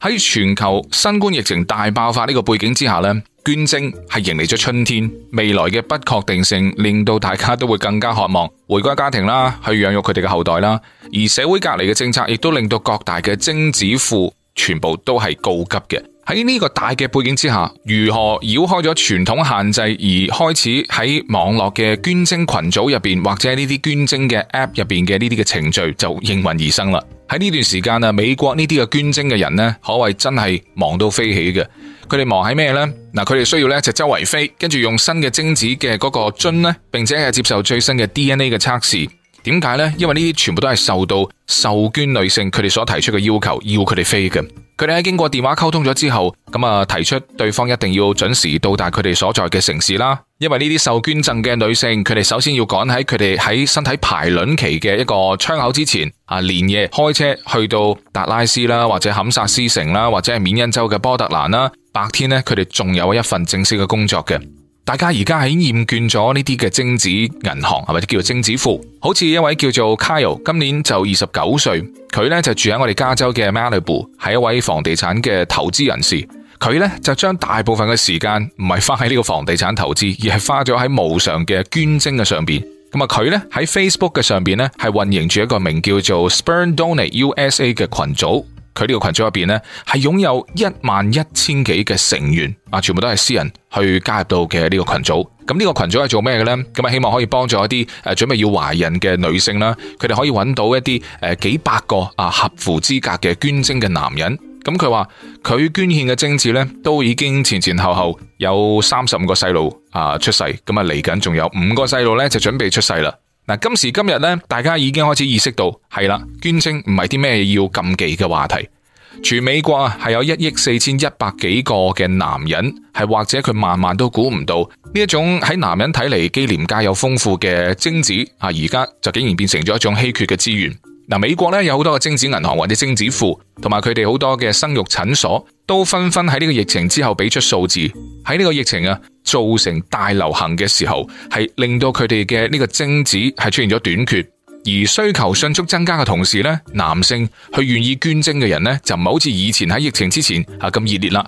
喺全球新冠疫情大爆發呢個背景之下咧，捐精係迎來咗春天。未來嘅不確定性令到大家都會更加渴望回歸家庭啦，去養育佢哋嘅後代啦。而社會隔離嘅政策亦都令到各大嘅精子庫全部都係告急嘅。喺呢個大嘅背景之下，如何繞開咗傳統限制而開始喺網絡嘅捐精群組入邊或者呢啲捐精嘅 App 入邊嘅呢啲嘅程序就應運而生啦。喺呢段時間啊，美國呢啲嘅捐精嘅人呢，可謂真係忙到飛起嘅。佢哋忙喺咩呢？嗱，佢哋需要呢，就周圍飛，跟住用新嘅精子嘅嗰個樽呢，並且係接受最新嘅 DNA 嘅測試。點解呢？因為呢啲全部都係受到受捐女性佢哋所提出嘅要求，要佢哋飛嘅。佢哋喺經過電話溝通咗之後，咁啊提出對方一定要準時到達佢哋所在嘅城市啦。因為呢啲受捐贈嘅女性，佢哋首先要趕喺佢哋喺身體排卵期嘅一個窗口之前，啊連夜開車去到達拉斯啦，或者堪薩斯城啦，或者係緬因州嘅波特蘭啦。白天呢，佢哋仲有一份正式嘅工作嘅。大家而家喺厭倦咗呢啲嘅精子銀行，或者叫做精子庫？好似一位叫做 Kyle，今年就二十九歲，佢咧就住喺我哋加州嘅 Malibu，係一位房地產嘅投資人士。佢咧就將大部分嘅時間唔係花喺呢個房地產投資，而係花咗喺無償嘅捐精嘅上邊。咁啊，佢咧喺 Facebook 嘅上邊咧係運營住一個名叫做 Sperm Donate USA 嘅群組。佢呢個群組入邊咧，係擁有一萬一千幾嘅成員啊，全部都係私人去加入到嘅呢個群組。咁呢個群組係做咩嘅呢？咁啊，希望可以幫助一啲誒準備要懷孕嘅女性啦，佢哋可以揾到一啲誒幾百個啊合乎資格嘅捐精嘅男人。咁佢話佢捐獻嘅精子呢，都已經前前後後有三十五個細路啊出世，咁啊嚟緊仲有五個細路呢，就準備出世啦。嗱，今時今日咧，大家已經開始意識到，係啦，捐精唔係啲咩要禁忌嘅話題。全美國啊，係有一億四千一百幾個嘅男人，係或者佢萬萬都估唔到，呢一種喺男人睇嚟既廉價又豐富嘅精子，啊，而家就竟然變成咗一種稀缺嘅資源。嗱，美國咧有好多嘅精子銀行或者精子庫，同埋佢哋好多嘅生育診所都紛紛喺呢個疫情之後俾出數字。喺呢個疫情啊造成大流行嘅時候，係令到佢哋嘅呢個精子係出現咗短缺，而需求迅速增加嘅同時咧，男性去願意捐精嘅人咧就唔係好似以前喺疫情之前啊咁熱烈啦。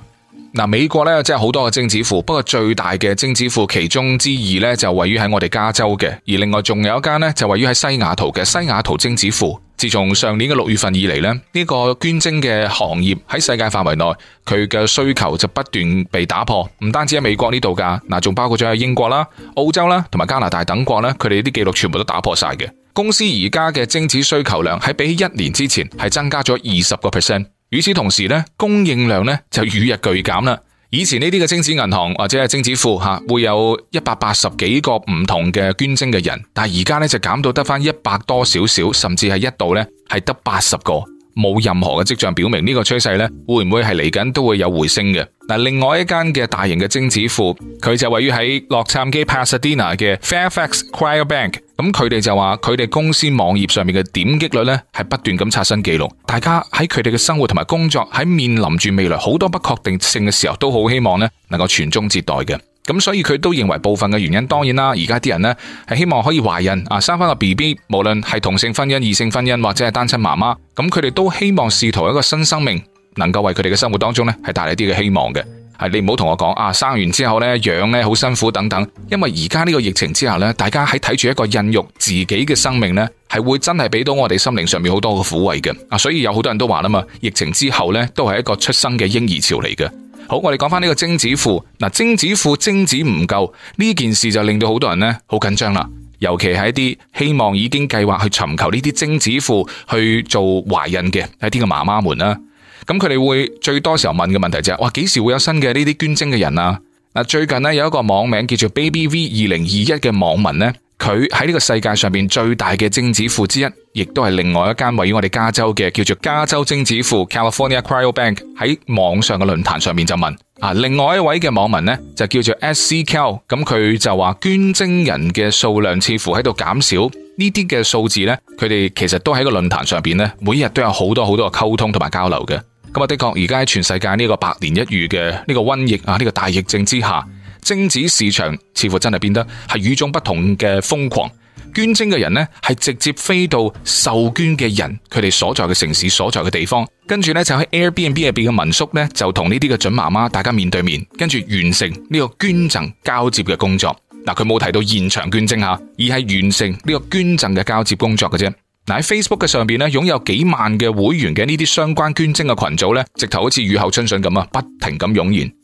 嗱，美國咧真係好多嘅精子庫，不過最大嘅精子庫其中之一咧就位於喺我哋加州嘅，而另外仲有一間咧就位於喺西雅圖嘅西雅圖精子庫。自從上年嘅六月份以嚟咧，呢、呢個捐精嘅行業喺世界範圍內，佢嘅需求就不斷被打破。唔單止喺美國呢度噶，嗱，仲包括咗喺英國啦、澳洲啦同埋加拿大等國咧，佢哋啲記錄全部都打破晒嘅。公司而家嘅精子需求量喺比起一年之前係增加咗二十個 percent。與此同時咧，供應量咧就與日俱減啦。以前呢啲嘅精子銀行或者係精子庫嚇，會有一百八十幾個唔同嘅捐精嘅人，但係而家呢就減到得返一百多少少，甚至係一度呢係得八十個。冇任何嘅跡象表明呢、這個趨勢咧，會唔會係嚟緊都會有回升嘅？嗱，另外一間嘅大型嘅精子庫，佢就位於喺洛杉磯 Pasadena 嘅 Fairfax Cryobank，咁佢哋就話佢哋公司網頁上面嘅點擊率咧，係不斷咁刷新記錄。大家喺佢哋嘅生活同埋工作喺面臨住未來好多不確定性嘅時候，都好希望咧能夠傳宗接代嘅。咁所以佢都認為部分嘅原因，當然啦，而家啲人呢係希望可以懷孕啊，生翻個 B B，無論係同性婚姻、異性婚姻或者係單親媽媽，咁佢哋都希望試圖一個新生命，能夠為佢哋嘅生活當中呢係帶嚟啲嘅希望嘅。係你唔好同我講啊，生完之後呢養呢好辛苦等等。因為而家呢個疫情之下呢，大家喺睇住一個孕育自己嘅生命呢，係會真係俾到我哋心靈上面好多嘅撫慰嘅。啊，所以有好多人都話啦嘛，疫情之後呢都係一個出生嘅嬰兒潮嚟嘅。好，我哋講翻呢個精子庫嗱，精子庫精子唔夠呢件事就令到好多人咧好緊張啦，尤其係一啲希望已經計劃去尋求呢啲精子庫去做懷孕嘅一啲嘅媽媽們啦。咁佢哋會最多時候問嘅問題就係，哇，幾時會有新嘅呢啲捐精嘅人啊？嗱，最近咧有一個網名叫做 Baby V 二零二一嘅網民咧。佢喺呢個世界上面最大嘅精子庫之一，亦都係另外一間位於我哋加州嘅叫做加州精子庫 California Cryo Bank。喺網上嘅論壇上面就問啊，另外一位嘅網民呢，就叫做 S C Q，咁佢就話捐精人嘅數量似乎喺度減少，呢啲嘅數字呢，佢哋其實都喺個論壇上邊呢，每日都有好多好多嘅溝通同埋交流嘅。咁啊，的確而家喺全世界呢個百年一遇嘅呢個瘟疫啊，呢個大疫症之下，精子市場似乎真係變得係與眾不同嘅瘋狂，捐精嘅人呢，係直接飛到受捐嘅人佢哋所在嘅城市所在嘅地方，跟住呢，就喺 Airbnb 入邊嘅民宿呢，就同呢啲嘅準媽媽大家面對面，跟住完成呢個捐贈交接嘅工作。嗱，佢冇提到現場捐精吓，而係完成呢個捐贈嘅交接工作嘅啫。嗱喺 Facebook 嘅上邊呢，擁有幾萬嘅會員嘅呢啲相關捐精嘅群組呢，直頭好似雨後春筍咁啊，不停咁湧現。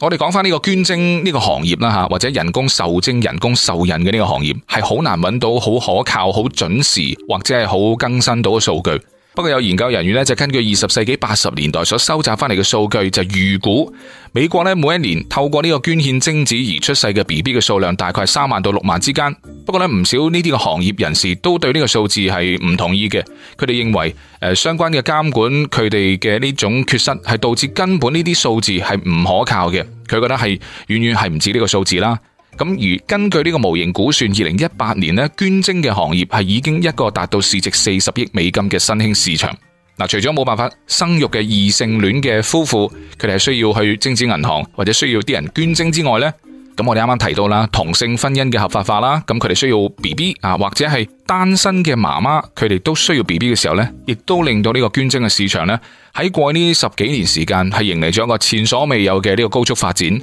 我哋講翻呢個捐精呢個行業啦吓，或者人工受精、人工受孕嘅呢個行業，係好難揾到好可靠、好準時或者係好更新到嘅數據。不過有研究人員咧就根據二十世紀八十年代所收集翻嚟嘅數據，就預估美國咧每一年透過呢個捐獻精子而出世嘅 BB 嘅數量大概係三萬到六萬之間。不過咧，唔少呢啲嘅行業人士都對呢個數字係唔同意嘅。佢哋認為誒相關嘅監管佢哋嘅呢種缺失，係導致根本呢啲數字係唔可靠嘅。佢覺得係遠遠係唔止呢個數字啦。咁而根據呢個模型估算，二零一八年咧捐精嘅行業係已經一個達到市值四十億美金嘅新興市場。嗱，除咗冇辦法生育嘅異性戀嘅夫婦，佢哋係需要去精子銀行或者需要啲人捐精之外呢，咁我哋啱啱提到啦，同性婚姻嘅合法化啦，咁佢哋需要 B B 啊，或者係單身嘅媽媽，佢哋都需要 B B 嘅時候呢，亦都令到呢個捐精嘅市場呢，喺過去呢十幾年時間係迎嚟咗一個前所未有嘅呢個高速發展。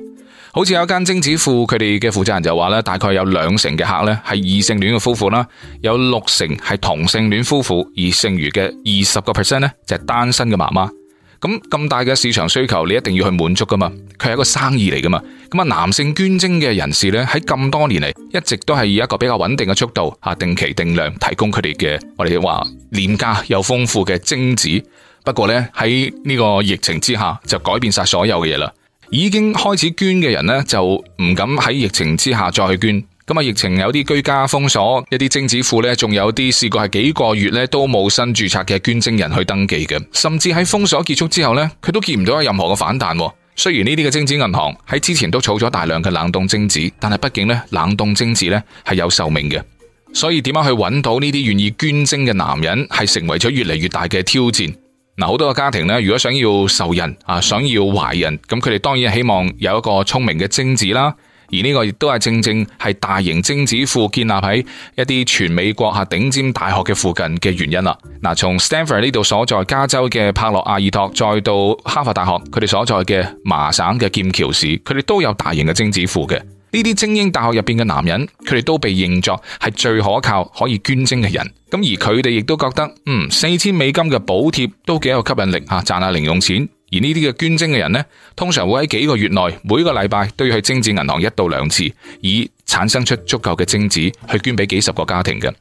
好似有一間精子庫，佢哋嘅負責人就話咧，大概有兩成嘅客咧係異性戀嘅夫婦啦，有六成係同性戀夫婦，而剩餘嘅二十個 percent 咧就係單身嘅媽媽。咁咁大嘅市場需求，你一定要去滿足噶嘛，佢係一個生意嚟噶嘛。咁啊，男性捐精嘅人士咧喺咁多年嚟，一直都係以一個比較穩定嘅速度，啊定期定量提供佢哋嘅我哋話廉價又豐富嘅精子。不過咧喺呢個疫情之下，就改變晒所有嘅嘢啦。已經開始捐嘅人呢，就唔敢喺疫情之下再去捐。咁啊，疫情有啲居家封鎖，一啲精子庫呢，仲有啲試過係幾個月呢都冇新註冊嘅捐精人去登記嘅，甚至喺封鎖結束之後呢，佢都見唔到有任何嘅反彈。雖然呢啲嘅精子銀行喺之前都儲咗大量嘅冷凍精子，但係畢竟呢，冷凍精子呢係有壽命嘅，所以點樣去揾到呢啲願意捐精嘅男人，係成為咗越嚟越大嘅挑戰。嗱，好多嘅家庭咧，如果想要受孕啊，想要懷孕，咁佢哋當然希望有一個聰明嘅精子啦。而呢個亦都係正正係大型精子庫建立喺一啲全美國嚇頂尖大學嘅附近嘅原因啦。嗱，從 Stanford 呢度所在加州嘅帕洛阿爾托，再到哈佛大學佢哋所在嘅麻省嘅劍橋市，佢哋都有大型嘅精子庫嘅。呢啲精英大學入邊嘅男人，佢哋都被認作係最可靠可以捐精嘅人。咁而佢哋亦都覺得，嗯，四千美金嘅補貼都幾有吸引力啊，賺下零用錢。而呢啲嘅捐精嘅人呢，通常會喺幾個月內每個禮拜都要去精子銀行一到兩次，以產生出足夠嘅精子去捐俾幾十個家庭嘅。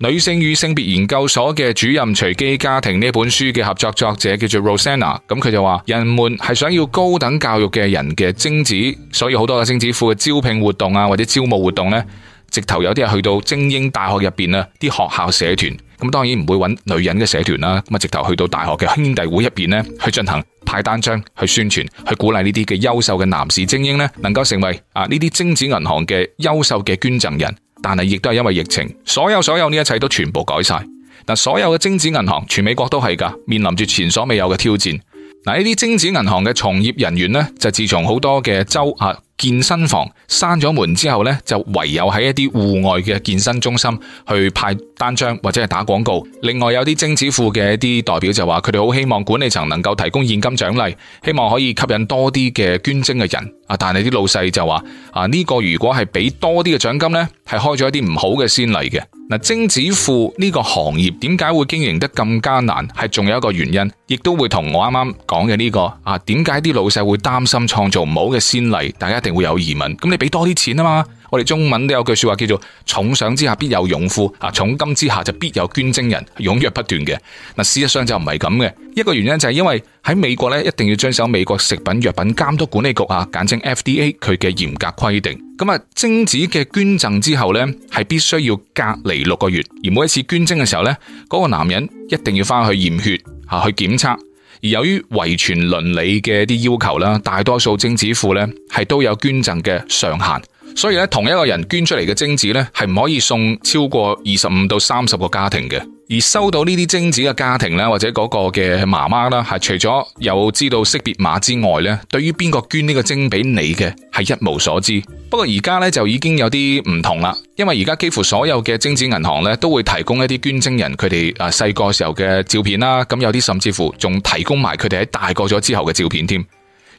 女性與性別研究所嘅主任隨機家庭呢本書嘅合作作者叫做 Rosanna，咁佢就話：人們係想要高等教育嘅人嘅精子，所以好多嘅精子庫嘅招聘活動啊，或者招募活動呢，直頭有啲係去到精英大學入邊啊，啲學校社團，咁當然唔會揾女人嘅社團啦，咁啊直頭去到大學嘅兄弟會入邊呢，去進行派單張去宣傳，去鼓勵呢啲嘅優秀嘅男士精英呢，能夠成為啊呢啲精子銀行嘅優秀嘅捐贈人。但係亦都係因為疫情，所有所有呢一切都全部改晒。嗱，所有嘅精子銀行，全美國都係噶，面臨住前所未有嘅挑戰。嗱，呢啲精子銀行嘅從業人員咧，就自從好多嘅州啊。健身房閂咗門之後呢，就唯有喺一啲戶外嘅健身中心去派單張或者係打廣告。另外有啲精子庫嘅一啲代表就話，佢哋好希望管理層能夠提供現金獎勵，希望可以吸引多啲嘅捐精嘅人。啊，但係啲老細就話，啊呢個如果係俾多啲嘅獎金呢，係開咗一啲唔好嘅先例嘅。嗱，啊，精子庫呢個行業點解會經營得咁艱難？係仲有一個原因，亦都會同我啱啱講嘅呢個啊，點解啲老細會擔心創造唔好嘅先例？大家定會有疑問，咁你俾多啲錢啊嘛！我哋中文都有句說話叫做“重賞之下必有勇夫”，啊，重金之下就必有捐精人，踊躍不斷嘅。嗱，事實上就唔係咁嘅，一個原因就係因為喺美國咧，一定要遵守美國食品藥品監督管理局啊，簡稱 FDA 佢嘅嚴格規定。咁啊，精子嘅捐贈之後咧，係必須要隔離六個月，而每一次捐精嘅時候咧，嗰個男人一定要翻去驗血吓去檢測。而由於遺傳倫理嘅啲要求啦，大多數精子庫咧係都有捐贈嘅上限，所以咧同一個人捐出嚟嘅精子咧係唔可以送超過二十五到三十個家庭嘅。而收到呢啲精子嘅家庭呢，或者嗰個嘅媽媽啦，係除咗有知道識別碼之外呢，對於邊個捐呢個精俾你嘅係一無所知。不過而家呢，就已經有啲唔同啦，因為而家幾乎所有嘅精子銀行呢，都會提供一啲捐精人佢哋啊細個時候嘅照片啦，咁有啲甚至乎仲提供埋佢哋喺大個咗之後嘅照片添。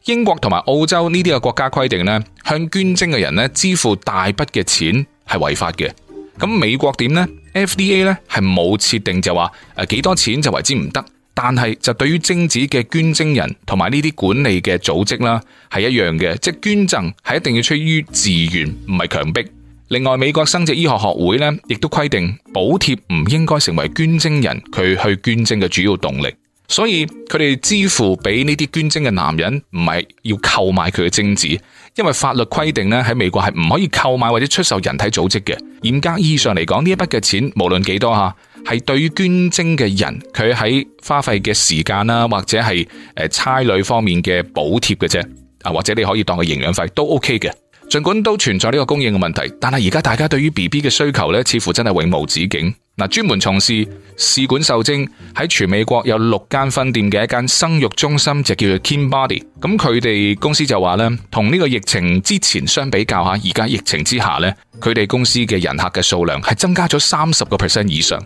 英國同埋澳洲呢啲嘅國家規定呢，向捐精嘅人呢支付大筆嘅錢係違法嘅。咁美國點呢？FDA 咧係冇設定就話誒幾多錢就為之唔得，但係就對於精子嘅捐精人同埋呢啲管理嘅組織啦係一樣嘅，即係捐贈係一定要出於自願，唔係強迫。另外，美國生殖醫學學會咧亦都規定，補貼唔應該成為捐精人佢去捐精嘅主要動力，所以佢哋支付俾呢啲捐精嘅男人唔係要購買佢嘅精子。因為法律規定呢，喺美國係唔可以購買或者出售人體組織嘅，嚴格意義上嚟講呢一筆嘅錢無論幾多吓，係對於捐精嘅人佢喺花費嘅時間啦，或者係誒差旅方面嘅補貼嘅啫，啊或者你可以當佢營養費都 OK 嘅，儘管都存在呢個供應嘅問題，但係而家大家對於 BB 嘅需求呢，似乎真係永無止境。嗱，專門從事試管受精喺全美國有六間分店嘅一間生育中心就叫做 Kinbody，咁佢哋公司就話咧，同呢個疫情之前相比較吓，而家疫情之下咧，佢哋公司嘅人客嘅數量係增加咗三十個 percent 以上。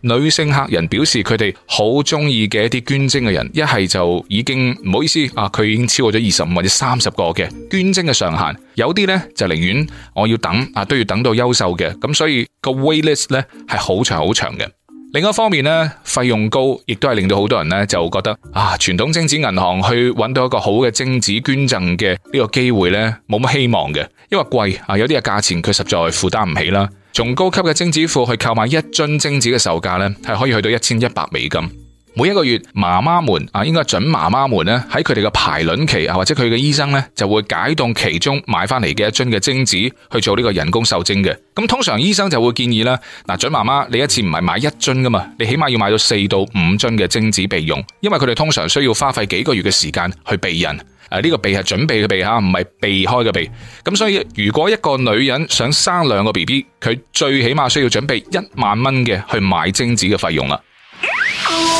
女性客人表示佢哋好中意嘅一啲捐精嘅人，一係就已經唔好意思啊，佢已經超過咗二十五或者三十個嘅捐精嘅上限。有啲咧就寧願我要等啊，都要等到優秀嘅，咁所以個 waitlist 咧係好長好長嘅。另一方面咧，費用高，亦都係令到好多人咧就覺得啊，傳統精子銀行去揾到一個好嘅精子捐贈嘅呢個機會咧，冇乜希望嘅，因為貴啊，有啲嘅價錢佢實在負擔唔起啦。從高級嘅精子庫去購買一樽精子嘅售價咧，係可以去到一千一百美金。每一個月，媽媽們啊，應該準媽媽們咧喺佢哋嘅排卵期啊，或者佢嘅醫生咧就會解凍其中買翻嚟嘅一樽嘅精子去做呢個人工受精嘅。咁通常醫生就會建議啦，嗱，準媽媽你一次唔係買一樽噶嘛，你起碼要買到四到五樽嘅精子備用，因為佢哋通常需要花費幾個月嘅時間去備孕。誒、啊，呢、這個備係準備嘅備吓，唔係避開嘅避。咁所以如果一個女人想生兩個 B B，佢最起碼需要準備一萬蚊嘅去買精子嘅費用啦。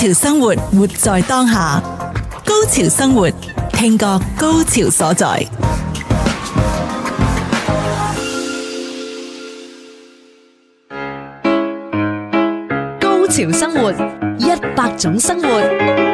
高潮生活，活在當下。高潮生活，聽覺高潮所在。高潮生活，一百種生活。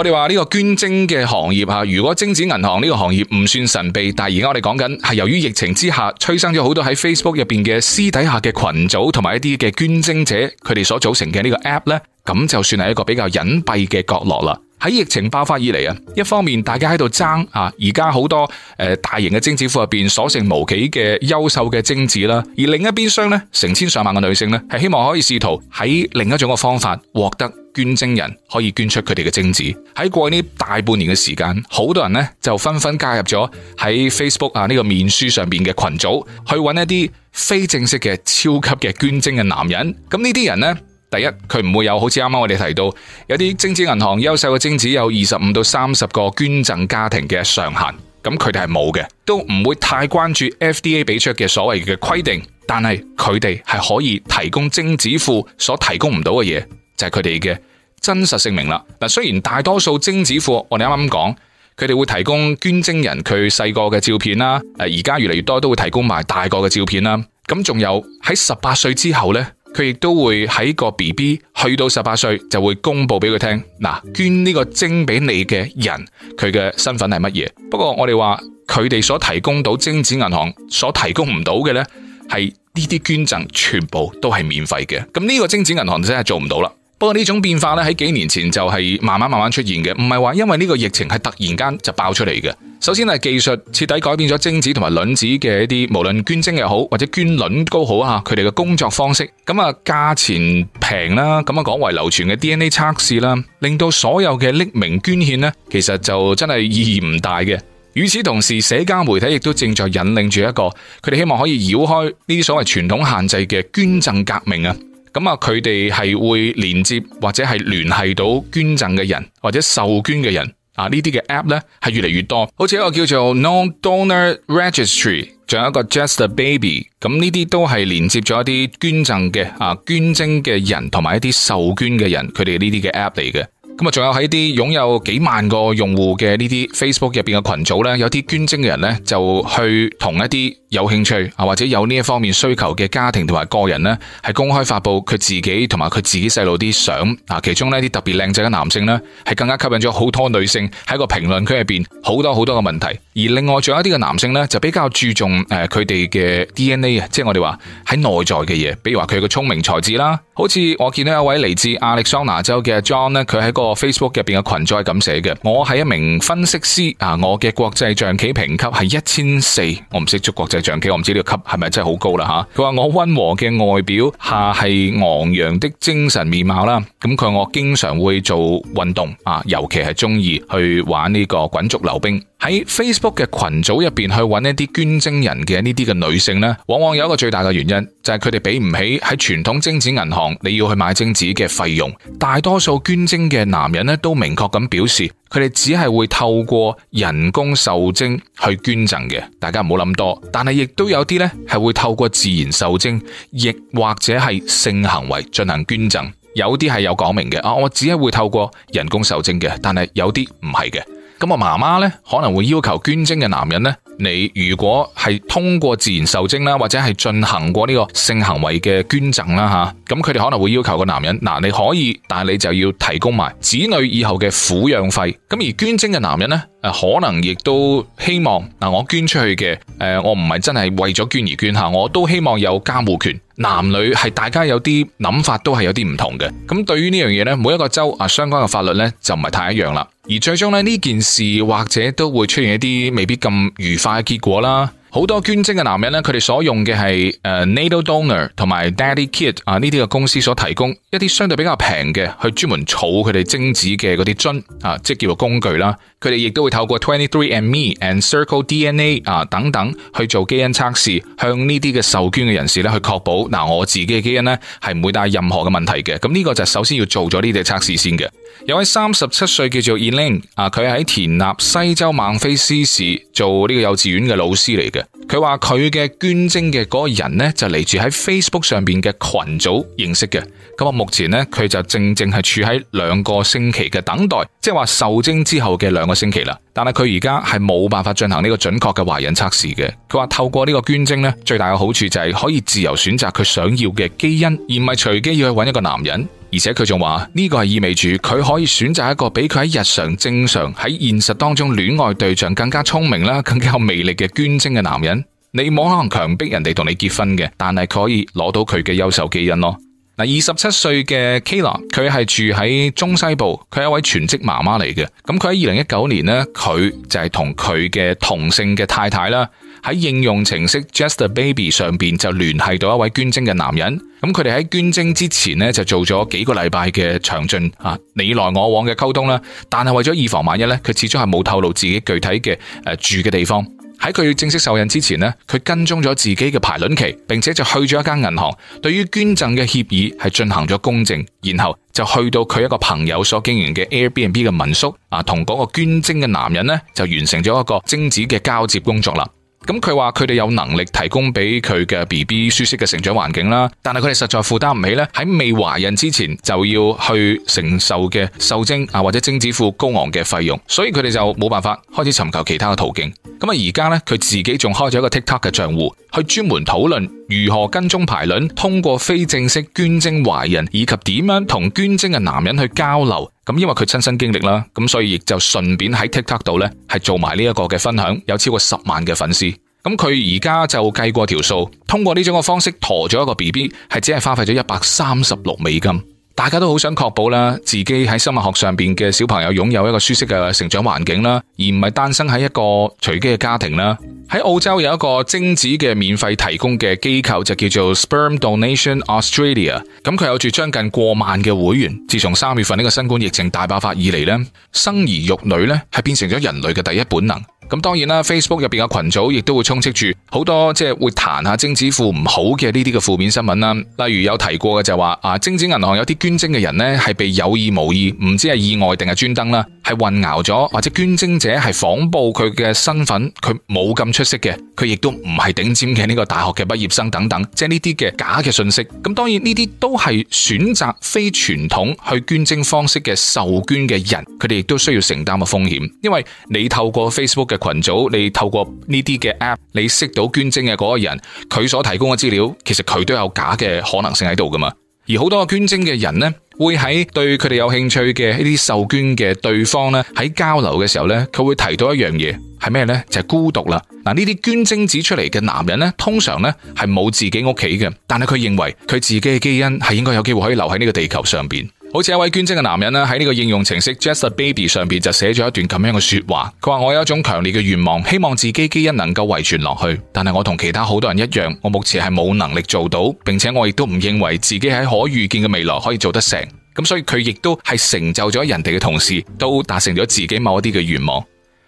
我哋話呢個捐精嘅行業啊，如果精子銀行呢個行業唔算神秘，但係而家我哋講緊係由於疫情之下催生咗好多喺 Facebook 入邊嘅私底下嘅群組，同埋一啲嘅捐精者，佢哋所組成嘅呢個 App 咧，咁就算係一個比較隱蔽嘅角落啦。喺疫情爆發以嚟啊，一方面大家喺度爭啊，而家好多誒、呃、大型嘅精子庫入邊所剩無幾嘅優秀嘅精子啦，而另一邊廂咧，成千上萬嘅女性咧，係希望可以試圖喺另一種嘅方法獲得。捐精人可以捐出佢哋嘅精子，喺過去呢大半年嘅時間，好多人呢就紛紛加入咗喺 Facebook 啊呢個面書上邊嘅群組，去揾一啲非正式嘅超級嘅捐精嘅男人。咁呢啲人呢，第一佢唔會有好似啱啱我哋提到有啲精子銀行優秀嘅精子有二十五到三十個捐贈家庭嘅上限，咁佢哋係冇嘅，都唔會太關注 FDA 俾出嘅所謂嘅規定，但係佢哋係可以提供精子庫所提供唔到嘅嘢。就係佢哋嘅真實姓名啦。嗱，雖然大多數精子庫，我哋啱啱講，佢哋會提供捐精人佢細個嘅照片啦，誒，而家越嚟越多都會提供埋大個嘅照片啦。咁仲有喺十八歲之後呢，佢亦都會喺個 BB 去到十八歲就會公布俾佢聽，嗱，捐呢個精俾你嘅人，佢嘅身份係乜嘢？不過我哋話佢哋所提供到精子銀行所提供唔到嘅呢，係呢啲捐贈全部都係免費嘅。咁呢個精子銀行真係做唔到啦。不過呢種變化咧喺幾年前就係慢慢慢慢出現嘅，唔係話因為呢個疫情係突然間就爆出嚟嘅。首先係技術徹底改變咗精子同埋卵子嘅一啲，無論捐精又好或者捐卵都好啊，佢哋嘅工作方式。咁啊，價錢平啦，咁啊，廣為流傳嘅 DNA 測試啦，令到所有嘅匿名捐獻呢，其實就真係意義唔大嘅。與此同時，社交媒體亦都正在引領住一個，佢哋希望可以繞開呢啲所謂傳統限制嘅捐贈革命啊。咁啊，佢哋係會連接或者係聯繫到捐贈嘅人或者受捐嘅人啊，呢啲嘅 app 咧係越嚟越多，好似一個叫做 Non Donor Registry，仲有一個 Just a Baby，咁呢啲都係連接咗一啲捐贈嘅啊捐精嘅人同埋一啲受捐嘅人，佢哋呢啲嘅 app 嚟嘅。咁啊，仲有喺啲擁有幾萬個用戶嘅呢啲 Facebook 入邊嘅群組咧，有啲捐精嘅人咧，就去同一啲有興趣啊或者有呢一方面需求嘅家庭同埋個人咧，係公開發佈佢自己同埋佢自己細路啲相啊。其中呢啲特別靚仔嘅男性咧，係更加吸引咗好多女性喺個評論區入邊好多好多嘅問題。而另外仲有一啲嘅男性咧，就比較注重誒佢哋嘅 DNA 啊，即係我哋話，喺內在嘅嘢，比如話佢個聰明才智啦。好似我見到一位嚟自亞利桑那州嘅 John 咧，佢喺個 Facebook 入邊嘅群組係咁寫嘅，我係一名分析師啊，我嘅國際象棋評級係一千四，我唔識捉國際象棋，我唔知呢個級係咪真係好高啦吓？佢、啊、話我溫和嘅外表下係、啊、昂揚的精神面貌啦，咁、啊、佢話我經常會做運動啊，尤其係中意去玩呢個滾軸溜冰。喺 Facebook 嘅群組入邊去搵一啲捐精人嘅呢啲嘅女性呢，往往有一個最大嘅原因就係佢哋俾唔起喺傳統精子銀行你要去買精子嘅費用。大多數捐精嘅男人呢都明確咁表示，佢哋只係會透過人工受精去捐贈嘅。大家唔好諗多，但係亦都有啲呢係會透過自然受精，亦或者係性行為進行捐贈。有啲係有講明嘅，啊，我只係會透過人工受精嘅，但係有啲唔係嘅。咁個媽媽咧可能會要求捐精嘅男人咧，你如果係通過自然受精啦，或者係進行過呢個性行為嘅捐贈啦吓，咁佢哋可能會要求個男人嗱、啊，你可以，但係你就要提供埋子女以後嘅撫養費。咁、啊、而捐精嘅男人咧，誒、啊、可能亦都希望嗱、啊，我捐出去嘅，誒、啊、我唔係真係為咗捐而捐下，我都希望有監護權。男女係大家有啲諗法都係有啲唔同嘅。咁對於呢樣嘢咧，每一個州啊相關嘅法律咧就唔係太一樣啦。而最終呢，呢件事或者都會出現一啲未必咁愉快嘅結果啦。好多捐精嘅男人呢，佢哋所用嘅係誒，nail donor 同埋 daddy kit 啊，呢啲嘅公司所提供一啲相對比較平嘅，去專門儲佢哋精子嘅啲樽啊，即係叫做工具啦。佢哋亦都會透過 twenty three and me and circle DNA 啊等等去做基因測試，向呢啲嘅受捐嘅人士呢去確保嗱，啊，我自己嘅基因呢係唔會帶任何嘅問題嘅。咁呢個就首先要做咗呢啲測試先嘅。有位三十七歲叫做 Eileen 啊，佢喺田納西州孟菲斯市做呢個幼稚園嘅老師嚟嘅。佢話佢嘅捐精嘅嗰個人呢，就嚟自喺 Facebook 上面嘅群組認識嘅。咁目前呢，佢就正正係處喺兩個星期嘅等待，即係話受精之後嘅兩個星期啦。但係佢而家係冇辦法進行呢個準確嘅懷孕測試嘅。佢話透過呢個捐精呢，最大嘅好處就係可以自由選擇佢想要嘅基因，而唔係隨機要去揾一個男人。而且佢仲話呢個係意味住佢可以選擇一個比佢喺日常正常喺現實當中戀愛對象更加聰明啦，更加有魅力嘅捐精嘅男人。你冇可能強迫人哋同你結婚嘅，但係佢可以攞到佢嘅優秀基因咯。嗱，二十七歲嘅 Kayla，佢係住喺中西部，佢係一位全職媽媽嚟嘅。咁佢喺二零一九年呢，佢就係同佢嘅同性嘅太太啦。喺應用程式 Just a Baby 上邊就聯繫到一位捐精嘅男人，咁佢哋喺捐精之前呢，就做咗幾個禮拜嘅詳盡啊，你來我往嘅溝通啦，但係為咗以防萬一咧，佢始終係冇透露自己具體嘅誒、啊、住嘅地方。喺佢正式受孕之前咧，佢跟蹤咗自己嘅排卵期，並且就去咗一間銀行，對於捐贈嘅協議係進行咗公證，然後就去到佢一個朋友所經營嘅 Airbnb 嘅民宿啊，同嗰個捐精嘅男人咧就完成咗一個精子嘅交接工作啦。咁佢話佢哋有能力提供俾佢嘅 BB 舒適嘅成長環境啦，但係佢哋實在負擔唔起咧，喺未懷孕之前就要去承受嘅受精或者精子庫高昂嘅費用，所以佢哋就冇辦法開始尋求其他嘅途徑。咁啊，而家咧佢自己仲開咗一個 TikTok 嘅賬戶，去專門討論如何跟蹤排卵、通過非正式捐精懷孕以及點樣同捐精嘅男人去交流。咁因為佢親身經歷啦，咁所以亦就順便喺 TikTok 度呢係做埋呢一個嘅分享，有超過十萬嘅粉絲。咁佢而家就計過條數，通過呢種嘅方式陀咗一個 BB，係只係花費咗一百三十六美金。大家都好想確保啦，自己喺生物學上邊嘅小朋友擁有一個舒適嘅成長環境啦，而唔係誕生喺一個隨機嘅家庭啦。喺澳洲有一個精子嘅免費提供嘅機構就叫做 Sperm Donation Australia，咁佢有住將近過萬嘅會員。自從三月份呢個新冠疫情大爆發以嚟咧，生兒育女咧係變成咗人類嘅第一本能。咁當然啦，Facebook 入邊嘅群組亦都會充斥住好多即係會彈下精子庫唔好嘅呢啲嘅負面新聞啦。例如有提過嘅就話啊，精子銀行有啲捐精嘅人呢係被有意無意唔知係意外定係專登啦，係混淆咗或者捐精者係謊報佢嘅身份，佢冇咁出色嘅，佢亦都唔係頂尖嘅呢個大學嘅畢業生等等，即係呢啲嘅假嘅信息。咁當然呢啲都係選擇非傳統去捐精方式嘅受捐嘅人，佢哋亦都需要承擔嘅風險，因為你透過 Facebook 嘅。群組，你透過呢啲嘅 app，你識到捐精嘅嗰個人，佢所提供嘅資料，其實佢都有假嘅可能性喺度噶嘛。而好多捐精嘅人呢，會喺對佢哋有興趣嘅呢啲受捐嘅對方呢，喺交流嘅時候呢，佢會提到一樣嘢係咩呢？就係孤獨啦。嗱，呢啲捐精子出嚟嘅男人呢，通常呢係冇自己屋企嘅，但係佢認為佢自己嘅基因係應該有機會可以留喺呢個地球上邊。好似一位捐精嘅男人呢，喺呢個應用程式 Just a Baby 上面就寫咗一段咁樣嘅說話。佢話我有一種強烈嘅願望，希望自己基因能夠遺傳落去，但係我同其他好多人一樣，我目前係冇能力做到，並且我亦都唔認為自己喺可預見嘅未來可以做得成。咁所以佢亦都係成就咗人哋嘅同時，都達成咗自己某一啲嘅願望。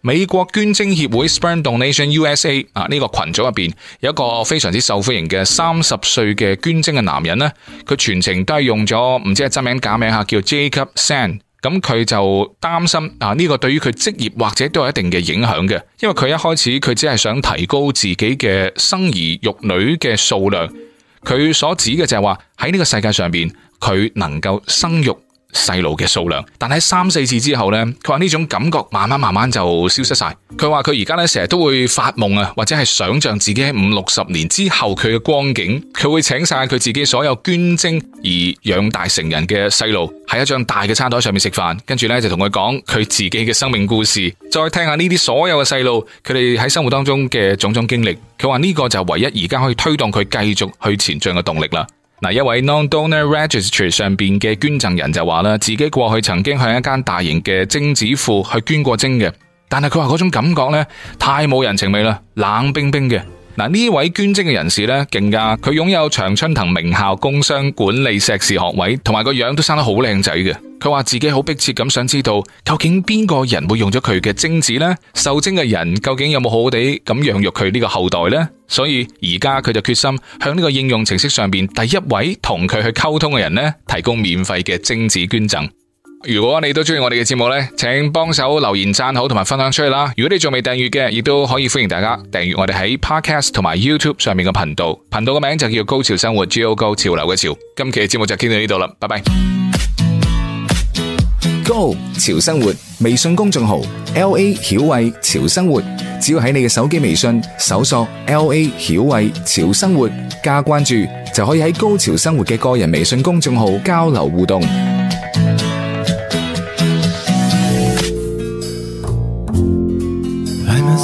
美國捐精協會 （Sperm Donation USA） 啊，呢個群組入邊有一個非常之受歡迎嘅三十歲嘅捐精嘅男人呢，佢全程都係用咗唔知係真名假名吓，叫 Jacob Sand。咁佢就擔心啊，呢個對於佢職業或者都有一定嘅影響嘅，因為佢一開始佢只係想提高自己嘅生兒育女嘅數量。佢所指嘅就係話喺呢個世界上邊，佢能夠生育。細路嘅數量，但喺三四次之後呢，佢話呢種感覺慢慢慢慢就消失晒。佢話佢而家呢，成日都會發夢啊，或者係想象自己喺五六十年之後佢嘅光景。佢會請晒佢自己所有捐精而養大成人嘅細路喺一張大嘅餐台上面食飯，跟住咧就同佢講佢自己嘅生命故事，再聽下呢啲所有嘅細路，佢哋喺生活當中嘅種種經歷。佢話呢個就係唯一而家可以推動佢繼續去前進嘅動力啦。一位 non-donor registry 上邊嘅捐贈人就話啦，自己過去曾經向一間大型嘅精子庫去捐過精嘅，但係佢話嗰種感覺咧，太冇人情味啦，冷冰冰嘅。嗱，呢位捐精嘅人士呢，勁噶，佢擁有長春藤名校工商管理碩士學位，同埋個樣都生得好靚仔嘅。佢話自己好迫切咁想知道，究竟邊個人會用咗佢嘅精子呢？受精嘅人究竟有冇好好地咁養育佢呢個後代呢？所以而家佢就決心向呢個應用程式上面第一位同佢去溝通嘅人呢，提供免費嘅精子捐贈。如果你都中意我哋嘅節目呢，請幫手留言贊好同埋分享出去啦！如果你仲未訂閱嘅，亦都可以歡迎大家訂閱我哋喺 Podcast 同埋 YouTube 上面嘅頻道，頻道嘅名就叫《Go 潮生活》，Go Go 潮流嘅潮，今期嘅節目就傾到呢度啦，拜拜！Go 潮生活微信公眾號 LA 曉慧潮生活，只要喺你嘅手機微信搜索 LA 曉慧潮生活加關注，就可以喺《高潮生活》嘅個人微信公眾號交流互動。